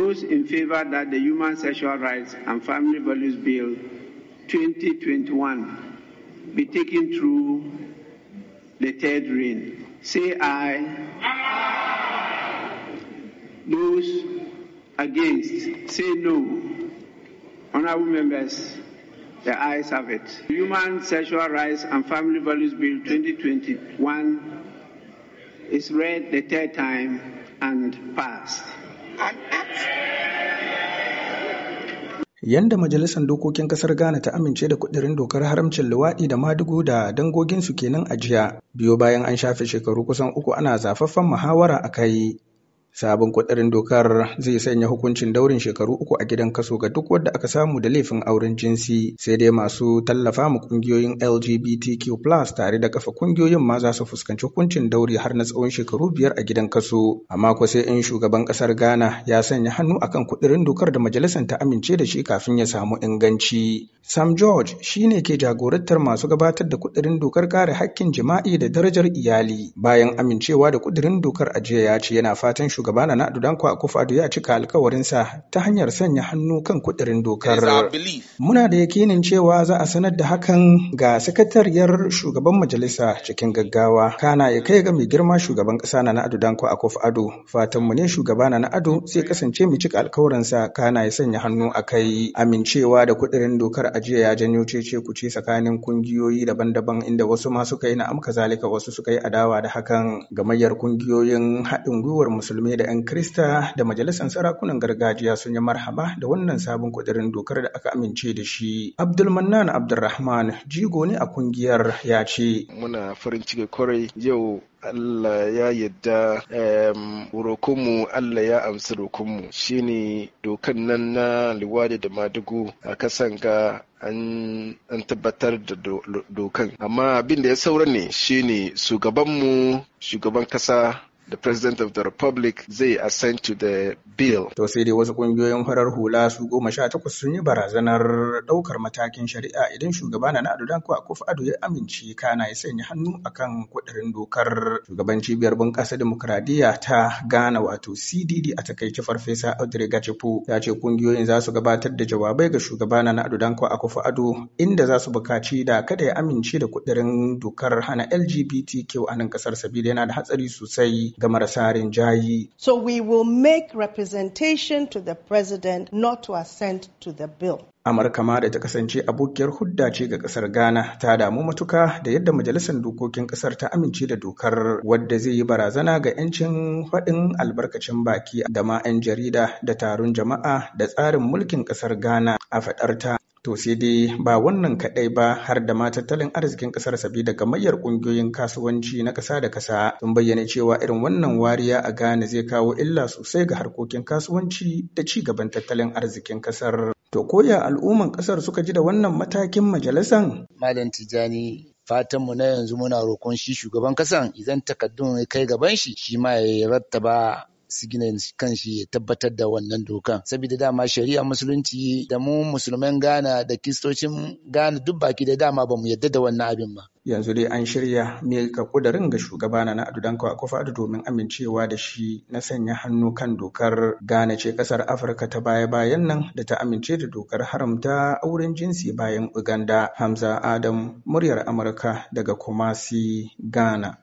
those in favor that the Human Sexual Rights and Family Values Bill 2021 be taken through the third reading. say aye. aye. Those against, say no. Honorable members, the ayes have it. Human Sexual Rights and Family Values Bill 2021 is read the third time and passed. yanda majalisar dokokin kasar ghana ta amince da kudirin dokar haramcin luwaɗi da madugu da dangoginsu kenan a jiya biyo bayan an shafe shekaru kusan uku ana zafaffen muhawara a kai sabon kudirin dokar zai sanya hukuncin daurin shekaru uku a gidan kaso ga duk wanda aka samu da laifin auren jinsi sai dai masu tallafa mu kungiyoyin lgbtq plus tare da kafa kungiyoyin ma za su fuskanci hukuncin dauri har na tsawon shekaru biyar a gidan kaso amma ko sai in shugaban kasar ghana ya sanya hannu akan kudirin dokar da majalisar ta amince da shi kafin ya samu inganci sam george shine ke jagorantar masu gabatar da kudirin dokar kare hakkin jima'i da darajar iyali bayan amincewa da kudirin dokar a jiya ya ce yana fatan shugaba na Nadu Danko ya cika alkawarinsa ta hanyar sanya hannu kan kudirin dokar. Muna da yakinin cewa za a sanar da hakan ga sakatariyar shugaban majalisa cikin gaggawa. Kana ya kai ga mai girma shugaban ƙasa na Nadu Danko akufo ado Fatan mu ne shugaba na Nadu zai kasance mai cika alkawarinsa kana ya sanya hannu a kai amincewa da kudirin dokar ajiya ya janyo cece kuce tsakanin kungiyoyi daban-daban inda wasu ma suka yi na amka zalika wasu suka yi adawa da hakan gamayyar kungiyoyin haɗin gwiwar musulmi ne da 'yan krista da majalisar sarakunan gargajiya sun yi marhaba da wannan sabon kudirin dokar da aka amince da shi abdulmannan abdulrahman jigo ne a kungiyar ya ce muna farin ciki kwarai yau Allah ya yadda rokunmu Allah ya amsa rokunmu ne dokan nan na liwadi da madugu a kasan ga an tabbatar da dokan amma abin da ya saura ne shine shugabanmu shugaban kasa the president of the republic zai assent to the bill. To sai dai wasu kungiyoyin farar hula su goma sha takwas sun yi barazanar ɗaukar matakin shari'a idan shugaba na Ado Danko Akufo Ado ya amince kana ya sanya hannu akan kudirin dokar shugaban cibiyar bunƙasa demokradiyya ta Ghana wato CDD a takaice farfesa Audrey Gachepo ya ce kungiyoyin za su gabatar da jawabai ga shugaba na Ado Danko Akufo Ado inda za su buƙaci da kada ya amince da kudirin dokar hana LGBTQ a nan kasar sabida yana da hatsari sosai ga marasa rinjayi. So we will make representation to the president not to assent to the bill. Amurka ma da ta kasance abokiyar hudda ce ga kasar Ghana ta damu matuka da yadda majalisar dokokin kasar ta amince da dokar wadda zai yi barazana ga 'yancin faɗin albarkacin baki da ma 'yan jarida da taron jama'a da tsarin mulkin kasar Ghana a faɗarta To sai dai ba wannan kaɗai ba har da ma tattalin arzikin ƙasar sabida gamayyar ƙungiyoyin kasuwanci na ƙasa da ƙasa sun bayyana cewa irin wannan wariya a Ghana zai kawo illa sosai ga harkokin kasuwanci da ci gaban tattalin arzikin ƙasar. To koya al'umman ƙasar suka ji da wannan matakin majalisan? Malam Tijjani mu na yanzu muna roƙon shi shugaban ƙasan idan takaddun kai gaban shi shi ma ya rattaba siginin kanshi ya tabbatar da wannan dokan saboda dama shari'a musulunci da mu musulman Ghana da kistocin Ghana duk baki da dama ba mu yadda da wannan abin ba yanzu dai an shirya ka ƙudarin ga Shugaba na Adu Danko kofa da domin amincewa da shi na sanya hannu kan dokar Ghana ce kasar Afirka ta baya-bayan nan da ta amince da dokar haramta auren jinsi bayan Uganda Hamza Adam muryar Amurka daga Kumasi Ghana